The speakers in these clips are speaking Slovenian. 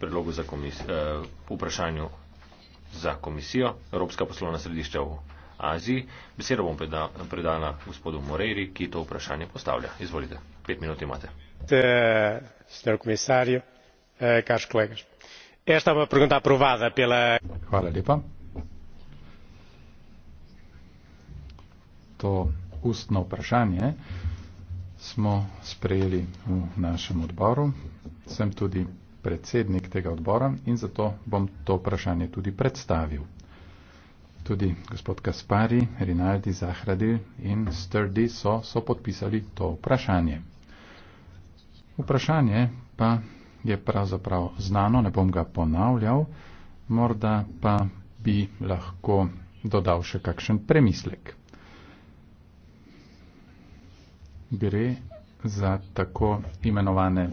predlogu za komisijo, eh, vprašanju za komisijo Evropska poslovna središča v Aziji. Besedo bom predala gospodu Moreiri, ki to vprašanje postavlja. Izvolite, pet minut imate. Eh, eh, Hvala lepa. To ustno vprašanje smo sprejeli v našem odboru. Sem tudi predsednik tega odbora in zato bom to vprašanje tudi predstavil. Tudi gospod Kaspari, Rinaldi, Zahradi in Sturdy so, so podpisali to vprašanje. Vprašanje pa je pravzaprav znano, ne bom ga ponavljal, morda pa bi lahko dodal še kakšen premislek. Gre za tako imenovane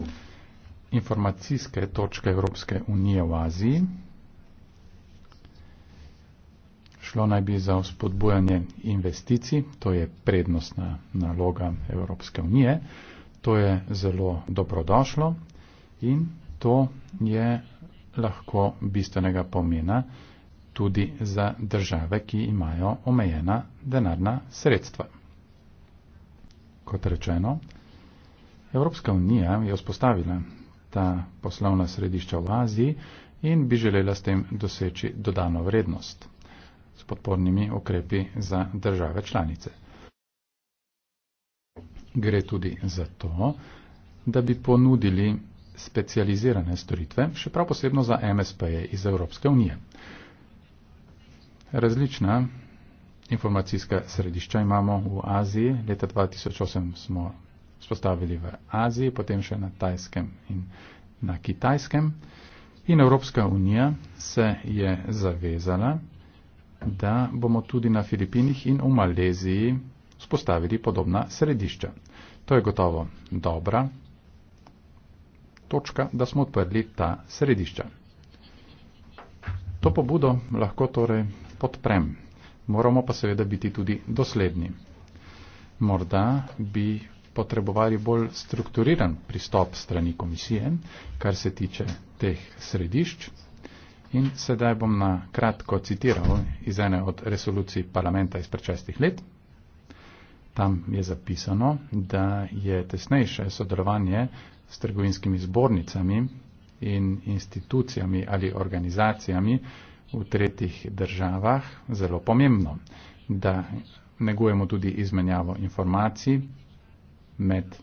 informacijske točke Evropske unije v Aziji. Šlo naj bi za vzpodbujanje investicij, to je prednostna naloga Evropske unije. To je zelo dobrodošlo in to je lahko bistvenega pomena tudi za države, ki imajo omejena denarna sredstva. Kot rečeno, Evropska unija je vzpostavila ta poslovna središča v Aziji in bi želela s tem doseči dodano vrednost s podpornimi ukrepi za države članice. Gre tudi za to, da bi ponudili specializirane storitve, še prav posebno za MSP-je iz Evropske unije. Različna informacijska središča imamo v Aziji. Leta 2008 smo spostavili v Aziji, potem še na Tajskem in na Kitajskem. In Evropska unija se je zavezala, da bomo tudi na Filipinih in v Maleziji spostavili podobna središča. To je gotovo dobra točka, da smo odprli ta središča. To pobudo lahko torej podprem. Moramo pa seveda biti tudi dosledni. Morda bi potrebovali bolj strukturiran pristop strani komisije, kar se tiče teh središč. In sedaj bom na kratko citiral iz ene od resolucij parlamenta iz prečestih let. Tam je zapisano, da je tesnejše sodelovanje s trgovinskimi zbornicami in institucijami ali organizacijami v tretjih državah zelo pomembno, da negujemo tudi izmenjavo informacij med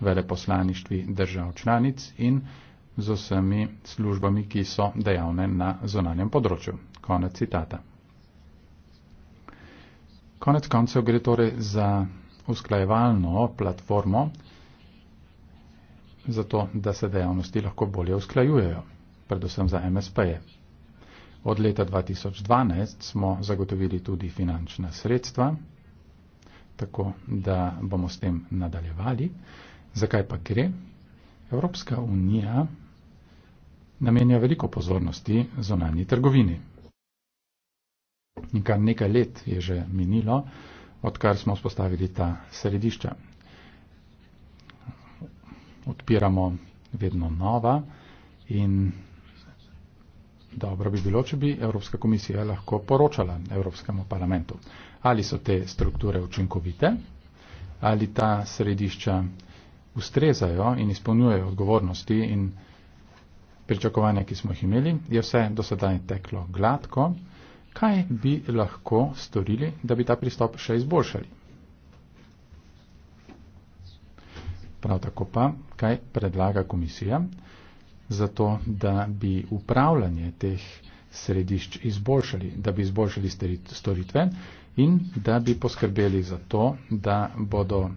veleposlaništvi držav članic in z vsemi službami, ki so dejavne na zonanjem področju. Konec citata. Konec koncev gre torej za usklajevalno platformo, zato da se dejavnosti lahko bolje usklajujejo, predvsem za MSP-je. Od leta 2012 smo zagotovili tudi finančna sredstva, tako da bomo s tem nadaljevali. Zakaj pa gre? Evropska unija namenja veliko pozornosti zonalni trgovini. In kar nekaj let je že minilo, odkar smo spostavili ta središča. Odpiramo vedno nova in dobro bi bilo, če bi Evropska komisija lahko poročala Evropskemu parlamentu ali so te strukture učinkovite, ali ta središča ustrezajo in izpolnjujejo odgovornosti in pričakovanja, ki smo jih imeli, je vse do sedaj teklo gladko. Kaj bi lahko storili, da bi ta pristop še izboljšali? Prav tako pa, kaj predlaga komisija, zato da bi upravljanje teh središč izboljšali, da bi izboljšali storitve, in da bi poskrbeli za to, da bodo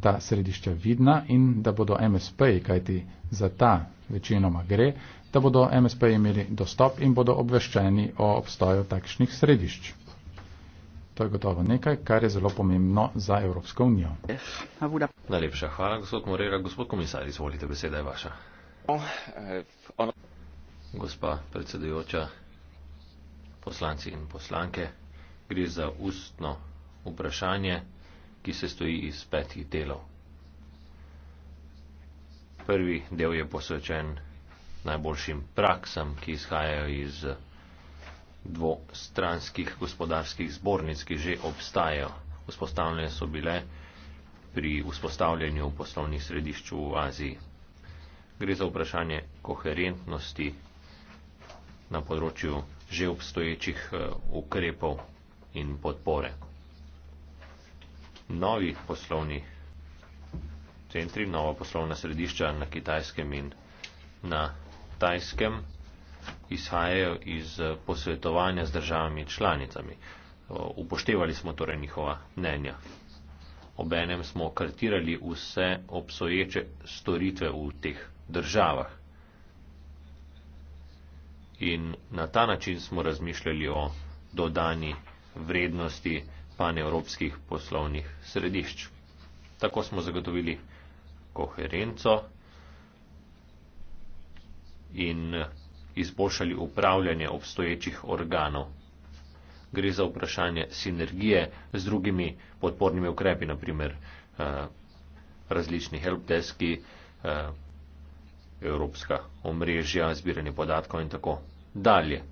ta središča vidna in da bodo MSP-ji, kajti za ta večinoma gre, da bodo MSP-ji imeli dostop in bodo obveščeni o obstoju takšnih središč. To je gotovo nekaj, kar je zelo pomembno za Evropsko unijo. Najlepša hvala, gospod Morera. Gospod komisar, izvolite, beseda je vaša. Gospa predsedujoča, poslanci in poslanke gre za ustno vprašanje, ki se stoji iz petih delov. Prvi del je posvečen najboljšim praksam, ki izhajajo iz dvostranskih gospodarskih zbornic, ki že obstajajo. Vzpostavljene so bile pri vzpostavljanju poslovnih središč v Aziji. Gre za vprašanje koherentnosti na področju že obstoječih eh, ukrepov in podpore. Novi poslovni centri, nova poslovna središča na kitajskem in na tajskem izhajajo iz eh, posvetovanja z državami članicami. Upoštevali smo torej njihova mnenja. Obenem smo kartirali vse obsoječe storitve v teh državah. In na ta način smo razmišljali o dodani vrednosti panevropskih poslovnih središč. Tako smo zagotovili koherenco in izboljšali upravljanje obstoječih organov. Gre za vprašanje sinergije z drugimi podpornimi ukrepi, naprimer eh, različni helpdeski, eh, evropska omrežja, zbiranje podatkov in tako dalje.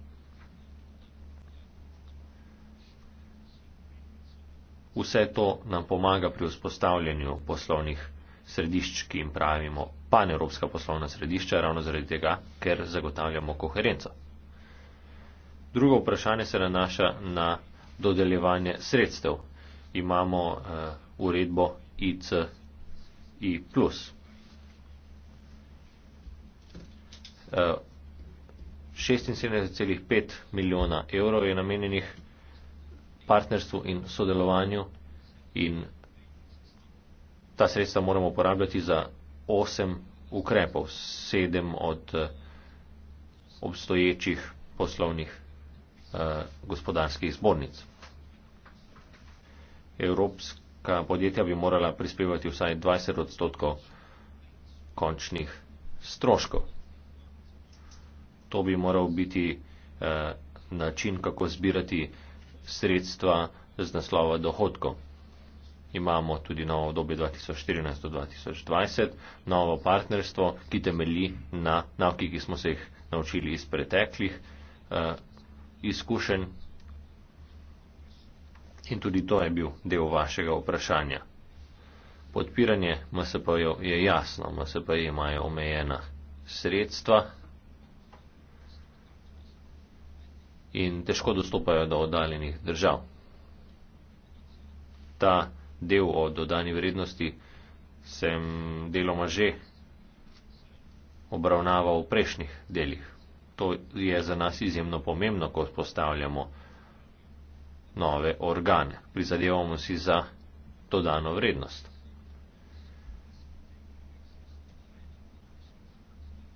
Vse to nam pomaga pri vzpostavljanju poslovnih središč, ki jim pravimo panevropska poslovna središča, ravno zaradi tega, ker zagotavljamo koherenco. Drugo vprašanje se nanaša na dodeljevanje sredstev. Imamo uh, uredbo ICI. Uh, 76,5 milijona evrov je namenjenih partnerstvu in sodelovanju in ta sredstva moramo uporabljati za osem ukrepov, sedem od eh, obstoječih poslovnih eh, gospodarskih zbornic. Evropska podjetja bi morala prispevati vsaj 20 odstotkov končnih stroškov. To bi moral biti eh, način, kako zbirati eh, sredstva z naslova dohodkov. Imamo tudi novo obdobje 2014 do 2020, novo partnerstvo, ki temelji na navki, ki smo se jih naučili iz preteklih uh, izkušenj. In tudi to je bil del vašega vprašanja. Podpiranje MSP-jev je jasno, MSP-ji imajo omejena sredstva, in težko dostopajo do oddaljenih držav. Ta del o dodani vrednosti sem deloma že obravnaval v prejšnjih delih. To je za nas izjemno pomembno, ko spostavljamo nove organe. Prizadevamo si za dodano vrednost.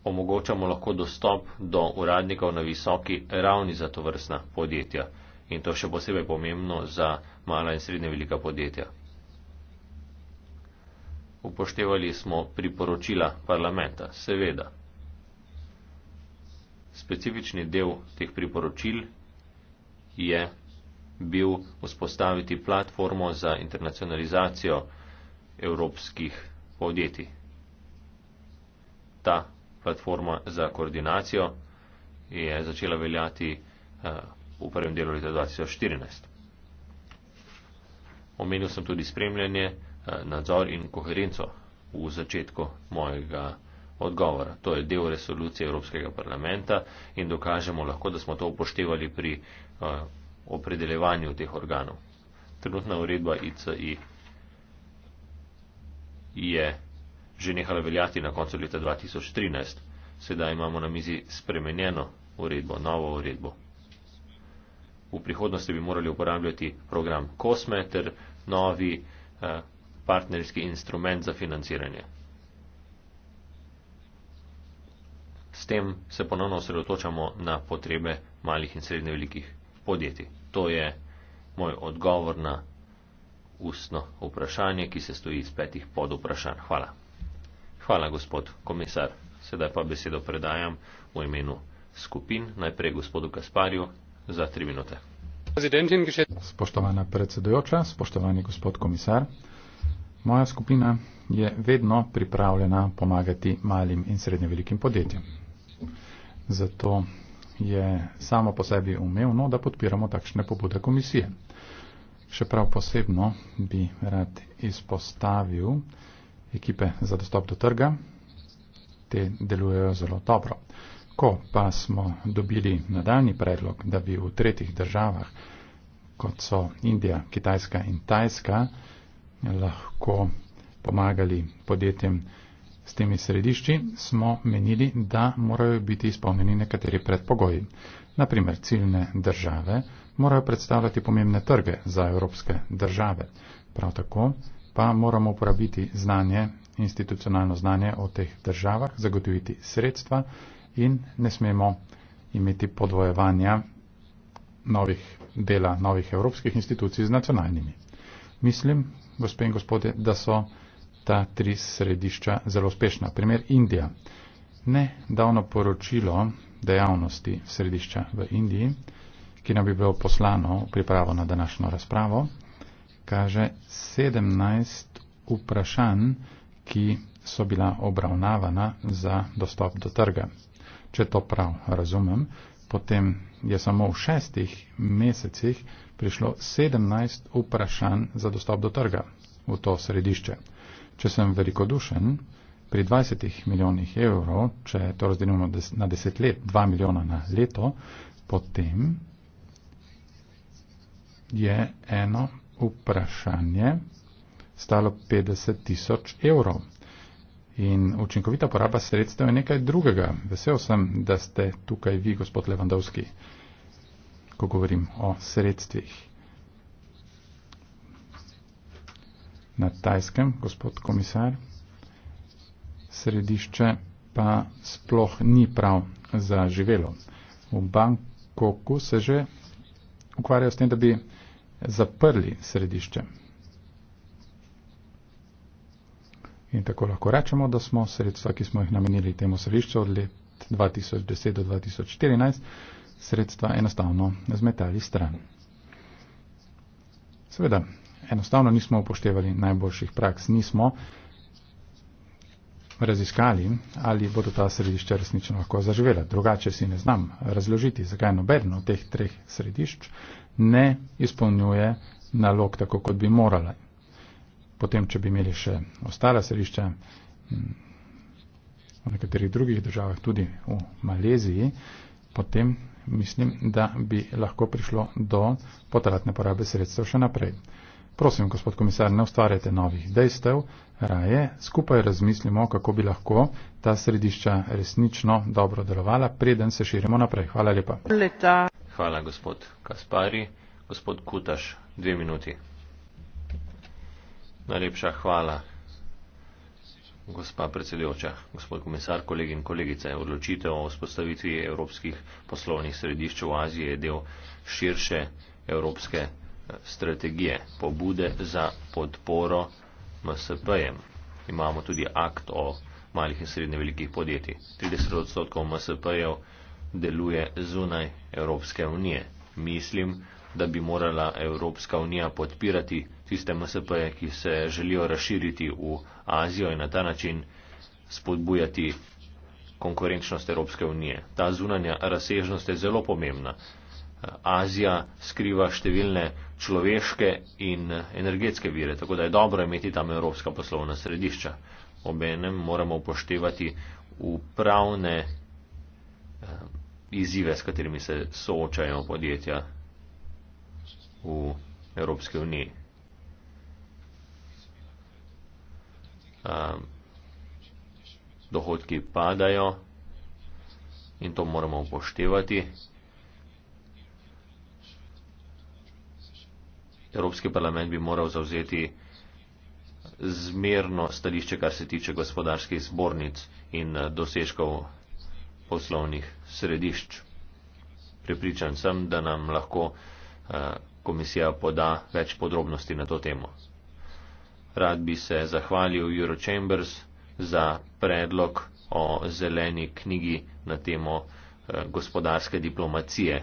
omogočamo lahko dostop do uradnikov na visoki ravni za to vrstna podjetja. In to še posebej pomembno za mala in srednje velika podjetja. Upoštevali smo priporočila parlamenta, seveda. Specifični del teh priporočil je bil vzpostaviti platformo za internacionalizacijo evropskih podjetij. Ta platforma za koordinacijo je začela veljati eh, v prvem delu leta 2014. Omenil sem tudi spremljanje, eh, nadzor in koherenco v začetku mojega odgovora. To je del resolucije Evropskega parlamenta in dokažemo lahko, da smo to upoštevali pri eh, opredeljevanju teh organov. Trenutna uredba ICI je že nehala veljati na koncu leta 2013. Sedaj imamo na mizi spremenjeno uredbo, novo uredbo. V prihodnosti bi morali uporabljati program COSME ter novi eh, partnerski instrument za financiranje. S tem se ponovno osredotočamo na potrebe malih in srednje velikih podjetij. To je moj odgovor na ustno vprašanje, ki se stoji iz petih podvprašanj. Hvala. Hvala, gospod komisar. Sedaj pa besedo predajam v imenu skupin, najprej gospodu Kasparju za tri minute. Spoštovana predsedujoča, spoštovani gospod komisar. Moja skupina je vedno pripravljena pomagati malim in srednje velikim podjetjem. Zato je samo po sebi umevno, da podpiramo takšne pobude komisije. Še prav posebno bi rad izpostavil, ekipe za dostop do trga. Te delujejo zelo dobro. Ko pa smo dobili nadaljni predlog, da bi v tretjih državah, kot so Indija, Kitajska in Tajska, lahko pomagali podjetjem s temi središči, smo menili, da morajo biti izpolnjeni nekateri predpogoji. Naprimer, ciljne države morajo predstavljati pomembne trge za evropske države. Prav tako pa moramo uporabiti znanje, institucionalno znanje o teh državah, zagotoviti sredstva in ne smemo imeti podvojevanja novih dela, novih evropskih institucij z nacionalnimi. Mislim, gospe in gospode, da so ta tri središča zelo uspešna. Primer Indija. Nedavno poročilo dejavnosti središča v Indiji, ki nam bi bilo poslano v pripravo na današnjo razpravo, kaže 17 vprašanj, ki so bila obravnavana za dostop do trga. Če to prav razumem, potem je samo v šestih mesecih prišlo 17 vprašanj za dostop do trga v to središče. Če sem velikodušen, pri 20 milijonih evrov, če to razdelimo na 10 let, 2 milijona na leto, potem je eno vprašanje stalo 50 tisoč evrov. In učinkovita poraba sredstev je nekaj drugega. Vesel sem, da ste tukaj vi, gospod Levandovski, ko govorim o sredstvih. Na tajskem, gospod komisar, središče pa sploh ni prav za živelo. V Bangkoku se že ukvarjajo s tem, da bi zaprli središče. In tako lahko rečemo, da smo sredstva, ki smo jih namenili temu središču od let 2010 do 2014, sredstva enostavno zmetali stran. Seveda, enostavno nismo upoštevali najboljših praks, nismo raziskali, ali bodo ta središča resnično lahko zaživela. Drugače si ne znam razložiti, zakaj nobeno teh treh središč ne izpolnjuje nalog tako, kot bi morala. Potem, če bi imeli še ostala središča mm, v nekaterih drugih državah, tudi v Maleziji, potem mislim, da bi lahko prišlo do potratne porabe sredstev še naprej. Prosim, gospod komisar, ne ustvarjate novih dejstev, raje skupaj razmislimo, kako bi lahko ta središča resnično dobro delovala, preden se širimo naprej. Hvala lepa. Leta. Hvala, gospod Kaspari. Gospod Kutaš, dve minuti. Najlepša hvala, gospa predsedujoča, gospod komisar, kolegi in kolegice. Odločitev o vzpostavitvi evropskih poslovnih središč v Aziji je del širše evropske eh, strategije, pobude za podporo MSP-jem. Imamo tudi akt o malih in srednje velikih podjetij. 30 odstotkov MSP-jev deluje zunaj Evropske unije. Mislim, da bi morala Evropska unija podpirati tiste MSP-je, ki se želijo razširiti v Azijo in na ta način spodbujati konkurenčnost Evropske unije. Ta zunanja razsežnost je zelo pomembna. Azija skriva številne človeške in energetske vire, tako da je dobro imeti tam Evropska poslovna središča. Obenem moramo upoštevati upravne eh, izzive, s katerimi se soočajo podjetja v Evropske unije. Um, dohodki padajo in to moramo upoštevati. Evropski parlament bi moral zauzeti zmerno stališče, kar se tiče gospodarskih zbornic in eh, dosežkov poslovnih središč. Prepričan sem, da nam lahko eh, komisija poda več podrobnosti na to temo. Rad bi se zahvalil Eurochambers za predlog o zeleni knjigi na temo eh, gospodarske diplomacije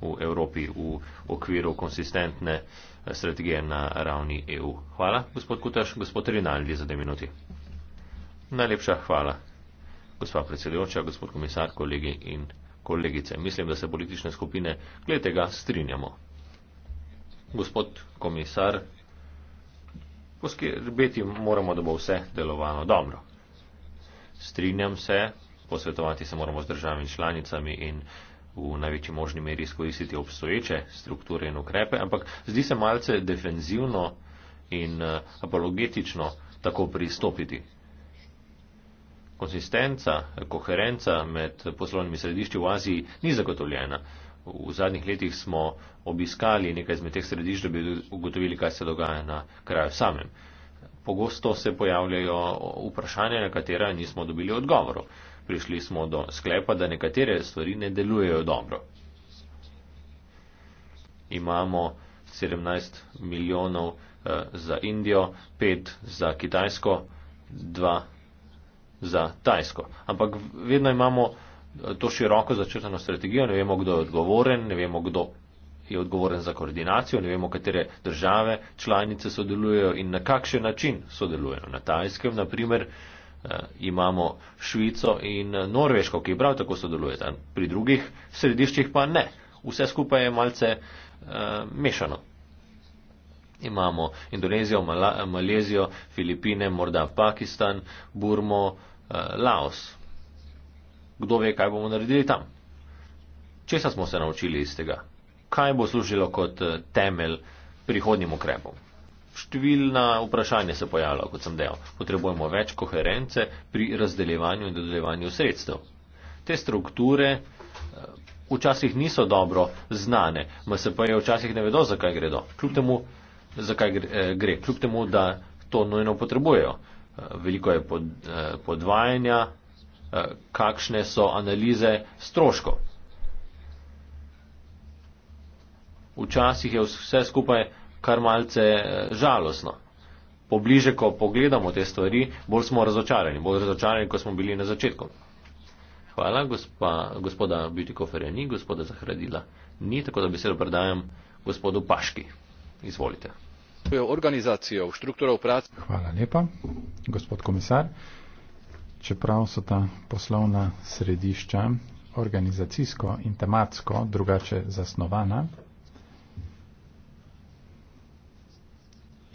v Evropi v okviru konsistentne eh, strategije na ravni EU. Hvala, gospod Kutaš, gospod Rinaldi, za dve minuti. Najlepša hvala gospa predsedujoča, gospod komisar, kolegi in kolegice. Mislim, da se politične skupine glede tega strinjamo. Gospod komisar, poskrbeti moramo, da bo vse delovalo dobro. Strinjam se, posvetovati se moramo z državami in članicami in v največji možni meri izkoristiti obstoječe strukture in ukrepe, ampak zdi se malce defenzivno in eh, apologetično tako pristopiti konsistenca, koherenca med poslovnimi središči v Aziji ni zagotovljena. V zadnjih letih smo obiskali nekaj izmed teh središč, da bi ugotovili, kaj se dogaja na kraju samem. Pogosto se pojavljajo vprašanja, na katera nismo dobili odgovorov. Prišli smo do sklepa, da nekatere stvari ne delujejo dobro. Imamo 17 milijonov eh, za Indijo, 5 za Kitajsko, 2 za Tajsko. Ampak vedno imamo eh, to široko začrtano strategijo, ne vemo, kdo je odgovoren, ne vemo, kdo je odgovoren za koordinacijo, ne vemo, katere države članice sodelujejo in na kakšen način sodelujejo. Na Tajskem, na primer, eh, imamo Švico in eh, Norveško, ki prav tako sodelujejo, pri drugih središčih pa ne. Vse skupaj je malce uh, mešano. Imamo Indonezijo, Mala, Malezijo, Filipine, morda Pakistan, Burmo, eh, Laos. Kdo ve, kaj bomo naredili tam? Česa smo se naučili iz tega? Kaj bo služilo kot eh, temelj prihodnjim ukrepom? Številna vprašanja se pojavljajo, kot sem dejal. Potrebujemo več koherence pri razdeljevanju in dodeljevanju sredstev. Te strukture eh, včasih niso dobro znane, MSP-je včasih ne vedo, zakaj gredo. Kljub temu zakaj eh, gre, kljub temu, da to nujno potrebujejo. Eh, veliko je pod, eh, podvajanja, kakšne so analize stroškov. Včasih je vse skupaj kar malce žalostno. Pobliže, ko pogledamo te stvari, bolj smo razočarani, bolj razočarani, kot smo bili na začetku. Hvala, gospa, gospoda Bütikoferja ni, gospoda Zahradila ni, tako da besedo predajam gospodu Paški. Izvolite svojo organizacijo, strukturov prac. Hvala lepa, gospod komisar. Čeprav so ta poslovna središča organizacijsko in tematsko drugače zasnovana,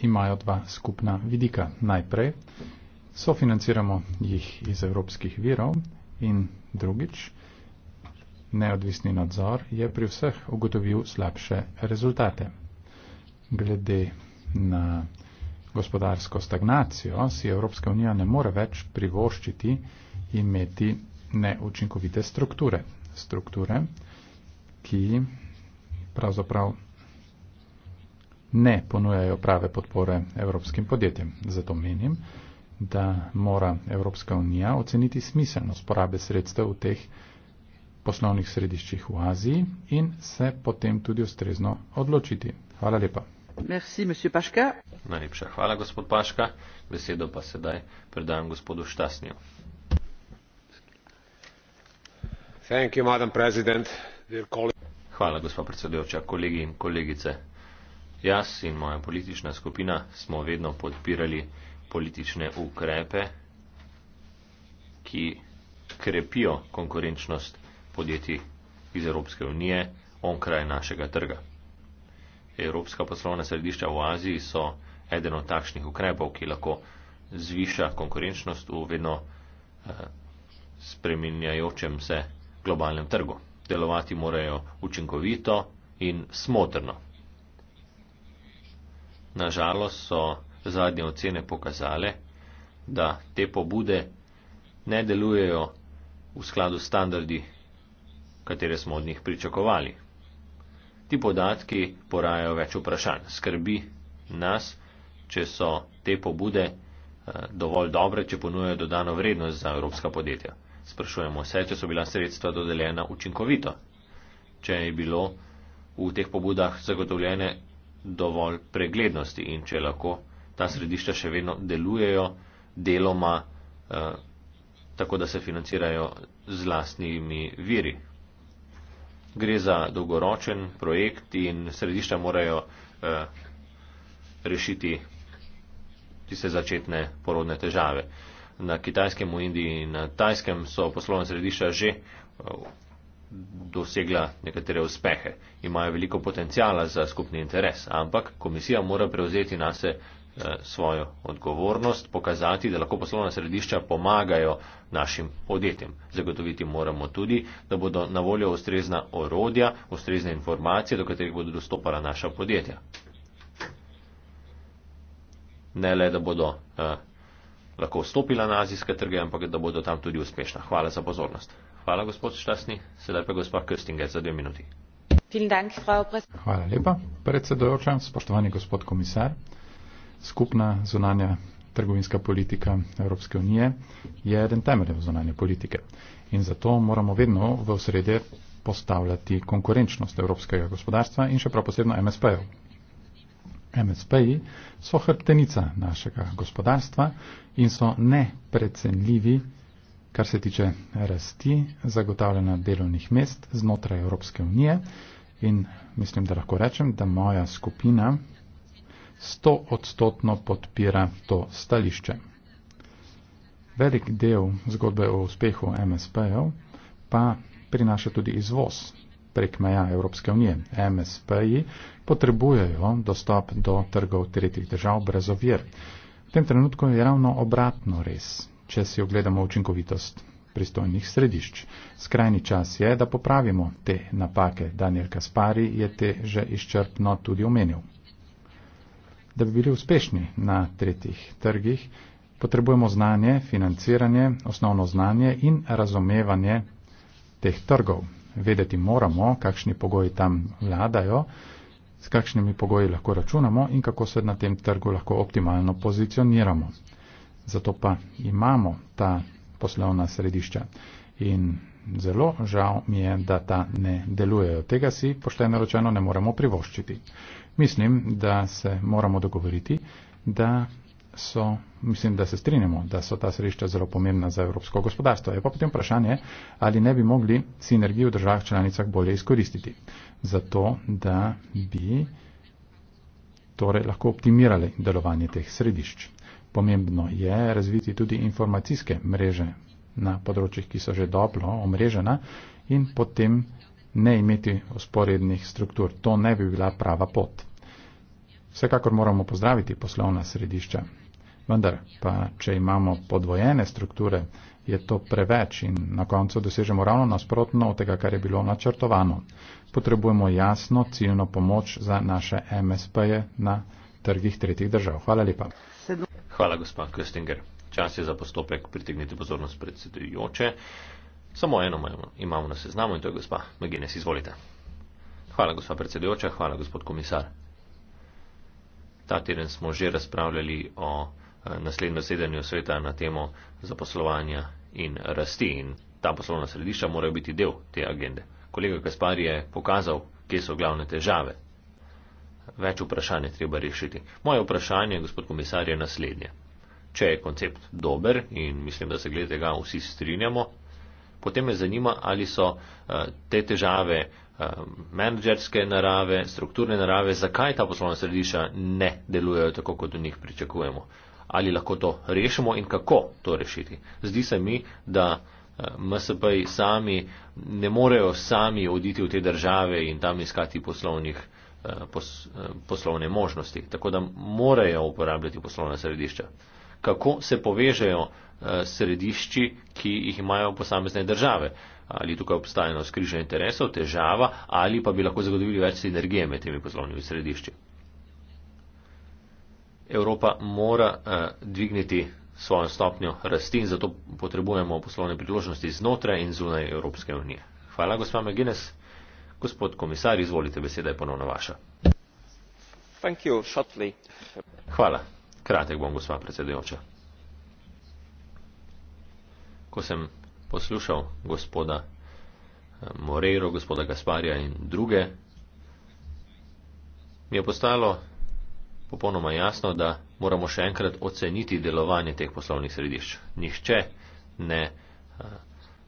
imajo dva skupna vidika. Najprej, sofinanciramo jih iz evropskih virov in drugič, neodvisni nadzor je pri vseh ugotovil slabše rezultate. Glede na gospodarsko stagnacijo, si Evropska unija ne more več privoščiti imeti neučinkovite strukture. Strukture, ki pravzaprav ne ponujajo prave podpore evropskim podjetjem. Zato menim, da mora Evropska unija oceniti smiselnost porabe sredstev v teh poslovnih središčih v Aziji in se potem tudi ustrezno odločiti. Hvala lepa. Najlepša hvala, gospod Paška. Besedo pa sedaj predajam gospodu Štasnju. Hvala, gospod predsedujoča, kolegi in kolegice. Jaz in moja politična skupina smo vedno podpirali politične ukrepe, ki krepijo konkurenčnost podjetij iz Evropske unije onkraj našega trga. Evropska poslovna središča v Aziji so eden od takšnih ukrepov, ki lahko zviša konkurenčnost v vedno eh, spreminjajočem se globalnem trgu. Delovati morajo učinkovito in smotrno. Nažalost so zadnje ocene pokazale, da te pobude ne delujejo v skladu s standardi, katere smo od njih pričakovali. Ti podatki porajajo več vprašanj. Skrbi nas, če so te pobude eh, dovolj dobre, če ponujejo dodano vrednost za evropska podjetja. Sprašujemo se, če so bila sredstva dodeljena učinkovito, če je bilo v teh pobudah zagotovljene dovolj preglednosti in če lahko ta središča še vedno delujejo deloma eh, tako, da se financirajo z lastnimi viri, gre za dolgoročen projekt in središča morajo eh, rešiti tiste začetne porodne težave. Na Kitajskem, v Indiji in na Tajskem so poslovna središča že eh, dosegla nekatere uspehe. Imajo veliko potencijala za skupni interes, ampak komisija mora prevzeti na se Eh, svojo odgovornost, pokazati, da lahko poslovna središča pomagajo našim podjetjem. Zagotoviti moramo tudi, da bodo na voljo ustrezna orodja, ustrezne informacije, do katerih bodo dostopala naša podjetja. Ne le, da bodo eh, lahko vstopila na azijske trge, ampak da bodo tam tudi uspešna. Hvala za pozornost. Hvala, gospod Štasni. Sedaj pa gospod Köstinger za dve minuti. Hvala lepa, predsedojoča, spoštovani gospod komisar skupna zunanja trgovinska politika Evropske unije je eden temeljev zunanje politike. In zato moramo vedno v osredje postavljati konkurenčnost evropskega gospodarstva in še prav posebno MSP-jev. MSP-ji so hrbtenica našega gospodarstva in so neprecenljivi, kar se tiče rasti zagotavljanja delovnih mest znotraj Evropske unije. In mislim, da lahko rečem, da moja skupina stoodstotno podpira to stališče. Velik del zgodbe o uspehu MSP-jev pa prinaša tudi izvoz prek meja Evropske unije. MSP-ji potrebujejo dostop do trgov tretjih držav brez ovir. V tem trenutku je ravno obratno res, če si ogledamo učinkovitost pristojnih središč. Skrajni čas je, da popravimo te napake. Daniel Kaspari je te že izčrpno tudi omenil. Da bi bili uspešni na tretjih trgih, potrebujemo znanje, financiranje, osnovno znanje in razumevanje teh trgov. Vedeti moramo, kakšni pogoji tam vladajo, s kakšnimi pogoji lahko računamo in kako se na tem trgu lahko optimalno pozicioniramo. Zato pa imamo ta poslovna središča. In zelo žal mi je, da ta ne delujejo. Tega si pošteno rečeno ne moremo privoščiti. Mislim, da se moramo dogovoriti, da so, mislim, da se strinjamo, da so ta središča zelo pomembna za evropsko gospodarstvo. Je pa potem vprašanje, ali ne bi mogli sinergijo v državah članicah bolje izkoristiti, zato da bi torej lahko optimirali delovanje teh središč. Pomembno je razviti tudi informacijske mreže na področjih, ki so že dobro omrežena in potem ne imeti usporednih struktur. To ne bi bila prava pot. Vsekakor moramo pozdraviti poslovna središča. Vendar pa, če imamo podvojene strukture, je to preveč in na koncu dosežemo ravno nasprotno od tega, kar je bilo načrtovano. Potrebujemo jasno ciljno pomoč za naše MSP-je na trgih tretjih držav. Hvala lepa. Hvala, gospod Köstinger. Čas je za postopek. Pritegnite pozornost predsedujoče. Samo eno imamo na seznamu in to je gospa Magines. Izvolite. Hvala, gospa predsedujoča, hvala, gospod komisar. Ta teden smo že razpravljali o eh, naslednjem zasedanju sveta na temo zaposlovanja in rasti in ta poslovna središča morajo biti del te agende. Kolega Kaspar je pokazal, kje so glavne težave. Več vprašanj je treba rešiti. Moje vprašanje, gospod komisar, je naslednje. Če je koncept dober in mislim, da se glede tega vsi strinjamo, potem me zanima, ali so eh, te težave eh, menedžerske narave, strukturne narave, zakaj ta poslovna središča ne delujejo tako, kot v njih pričakujemo. Ali lahko to rešimo in kako to rešiti. Zdi se mi, da eh, MSP-ji sami ne morejo sami oditi v te države in tam iskati poslovnih, pos, poslovne možnosti. Tako da morejo uporabljati poslovna središča kako se povežejo eh, središči, ki jih imajo posamezne države. Ali tukaj obstajajo skrižne interesov, težava, ali pa bi lahko zagotovili več sinergije med temi poslovnimi središči. Evropa mora eh, dvigniti svojo stopnjo rasti in zato potrebujemo poslovne priložnosti znotraj in zunaj Evropske unije. Hvala, gospa McGuinness. Gospod komisar, izvolite, beseda je ponovno vaša. Hvala. Kratek bom, gospa predsedujoča. Ko sem poslušal gospoda eh, Morero, gospoda Gasparja in druge, mi je postalo popolnoma jasno, da moramo še enkrat oceniti delovanje teh poslovnih središč. Nihče ne eh,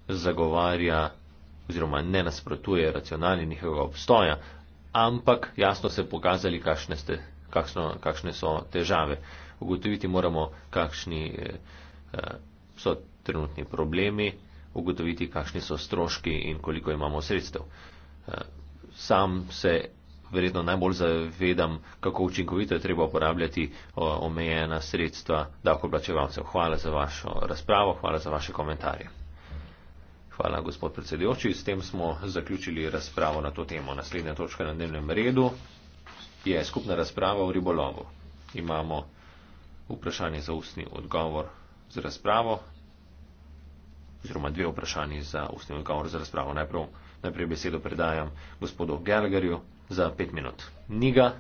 zagovarja oziroma ne nasprotuje racionalni njihovega obstoja, ampak jasno se pokazali, kakšne, ste, kakšno, kakšne so težave ugotoviti moramo, kakšni eh, eh, so trenutni problemi, ugotoviti, kakšni so stroški in koliko imamo sredstev. Eh, sam se verjetno najbolj zavedam, kako učinkovito je treba uporabljati omejena sredstva davkoplačevalcev. Hvala za vašo razpravo, hvala za vaše komentarje. Hvala, gospod predsedujoči. S tem smo zaključili razpravo na to temo. Naslednja točka na dnevnem redu je skupna razprava o ribolovu. Imamo vprašanje za ustni odgovor z razpravo, oziroma dve vprašanje za ustni odgovor z razpravo. Najprej, najprej besedo predajam gospodu Gelgerju za pet minut. Niga.